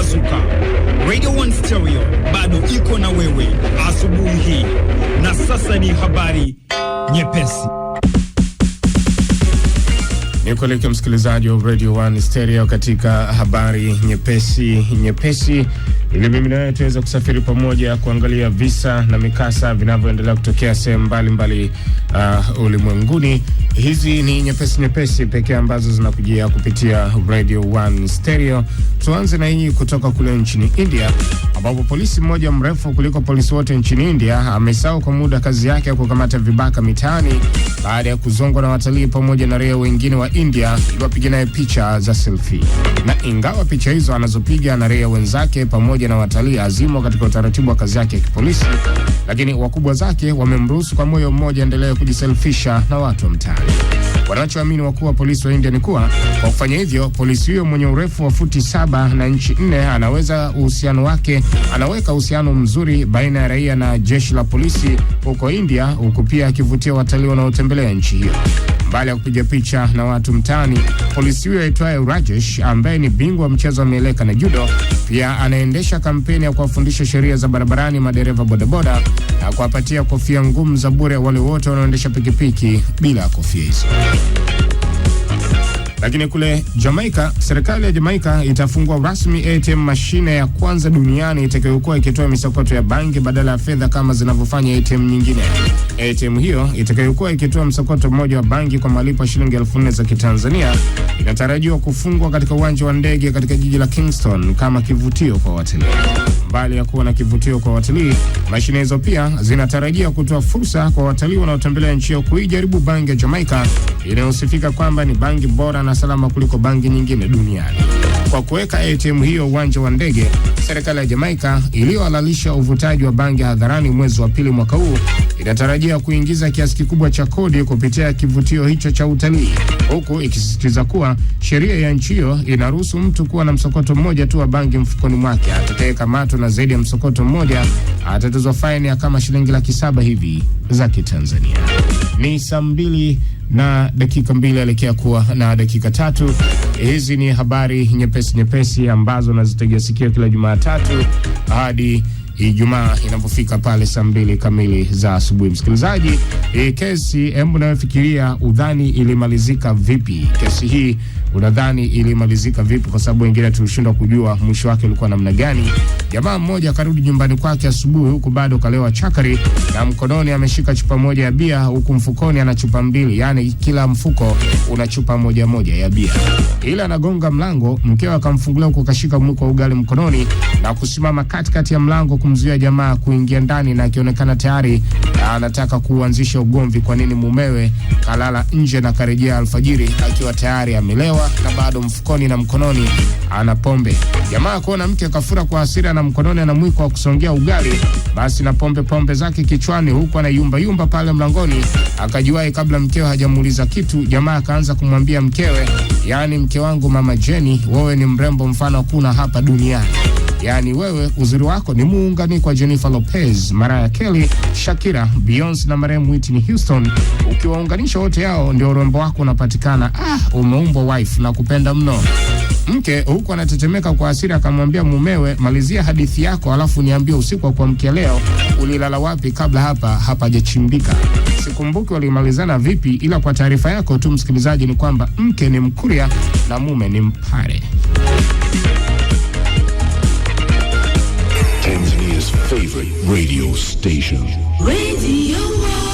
Pambazuka. Radio One Stereo bado iko na wewe asubuhi hii, na sasa ni habari nyepesi. Ni kuelekea msikilizaji wa Radio One Stereo katika habari nyepesi nyepesi ili mimi na wewe tuweze kusafiri pamoja kuangalia visa na mikasa vinavyoendelea kutokea sehemu mbalimbali uh, ulimwenguni. Hizi ni nyepesi nyepesi pekee ambazo zinakujia kupitia Radio One Stereo. Tuanze na hii kutoka kule nchini India ambapo polisi mmoja mrefu kuliko polisi wote nchini India amesahau kwa muda kazi yake ya kukamata vibaka mitaani baada ya kuzongwa na watalii pamoja na raia wengine wa India iliwapiga naye picha za selfie, na ingawa picha hizo anazopiga na raia wenzake pamoja pamoja na watalii azimo katika utaratibu wa kazi yake ya kipolisi, lakini wakubwa zake wamemruhusu kwa moyo mmoja endelee kujiselfisha na watu wa mtaani. Wanachoamini wakuu wa polisi wa India ni kuwa kwa kufanya hivyo, polisi huyo mwenye urefu wa futi saba na inchi nne anaweza uhusiano wake anaweka uhusiano mzuri baina ya raia na jeshi la polisi huko India, huku pia akivutia watalii wanaotembelea nchi hiyo. Mbali ya kupiga picha na watu mtaani, polisi huyo aitwaye Rajesh ambaye ni bingwa wa mchezo wa mieleka na judo, pia anaendesha kampeni ya kuwafundisha sheria za barabarani madereva bodaboda na kuwapatia kofia ngumu za bure wale wote wanaoendesha pikipiki bila kofia hizo. Lakini kule Jamaica, serikali ya Jamaica itafungua rasmi ATM mashine ya kwanza duniani itakayokuwa ikitoa misokoto ya bangi badala ya fedha kama zinavyofanya ATM nyingine. ATM hiyo itakayokuwa ikitoa msokoto mmoja wa bangi kwa malipo ya shilingi elfu nne za Kitanzania inatarajiwa kufungwa katika uwanja wa ndege katika jiji la Kingston kama kivutio kwa watalii. Mbali ya kuwa na kivutio kwa watalii, mashine hizo pia zinatarajia kutoa fursa kwa watalii wanaotembelea nchi hiyo kuijaribu bangi ya Jamaika inayosifika kwamba ni bangi bora na salama kuliko bangi nyingine duniani kwa kuweka ATM hiyo uwanja wa ndege, serikali ya Jamaika iliyohalalisha uvutaji wa bangi hadharani mwezi wa pili mwaka huu inatarajia kuingiza kiasi kikubwa cha kodi kupitia kivutio hicho cha utalii, huku ikisisitiza kuwa sheria ya nchi hiyo inaruhusu mtu kuwa na msokoto mmoja tu wa bangi mfukoni mwake. Atakayekamatwa na zaidi ya msokoto mmoja atatozwa faini ya kama shilingi laki saba hivi za Kitanzania. Ni saa mbili na dakika mbili alekea kuwa na dakika tatu. Hizi ni habari nyepesi nyepesi ambazo nazitegea sikio kila Jumatatu hadi Ijumaa inapofika pale saa mbili kamili za asubuhi. Msikilizaji, e, kesi, hebu nayofikiria udhani ilimalizika vipi? Kesi hii unadhani ilimalizika vipi? Kwa sababu wengine tulishindwa kujua mwisho wake ulikuwa namna gani. Jamaa mmoja akarudi nyumbani kwake asubuhi, huku bado kalewa chakari, na mkononi ameshika chupa moja ya bia, huku mfukoni ana chupa mbili, yani kila mfuko una chupa moja moja ya bia. Ila anagonga mlango, mkewe akamfungulia huku, akashika mwiko wa ugali mkononi na kusimama katikati ya mlango kum kumzuia jamaa kuingia ndani, na akionekana tayari ah, anataka kuanzisha ugomvi. Kwa nini mumewe kalala nje na karejea alfajiri akiwa tayari amelewa na bado mfukoni na mkononi ana pombe? Jamaa kuona mke kafura kwa hasira na mkononi ana mwiko wa kusongea ugali, basi na pombe pombe zake kichwani, huku anayumba yumba pale mlangoni. Akajiwahi kabla mkewe hajamuuliza kitu, jamaa akaanza kumwambia mkewe, yaani mke wangu, mama Jeni, wewe ni mrembo mfano kuna hapa duniani yaani wewe uzuri wako ni muungani kwa Jennifer Lopez, Mariah Carey, Shakira, Beyonce na marehemu Whitney Houston. Ukiwaunganisha wote yao ndio urembo wako unapatikana. Ah, umeumbwa wife na kupenda mno. Mke huku anatetemeka kwa hasira akamwambia mumewe, malizia hadithi yako alafu niambie usiku wa kuamkia leo ulilala wapi kabla hapa hapajachimbika. Sikumbuki walimalizana vipi, ila kwa taarifa yako tu msikilizaji, ni kwamba mke ni Mkuria na mume ni Mpare. favorite radio station. Radio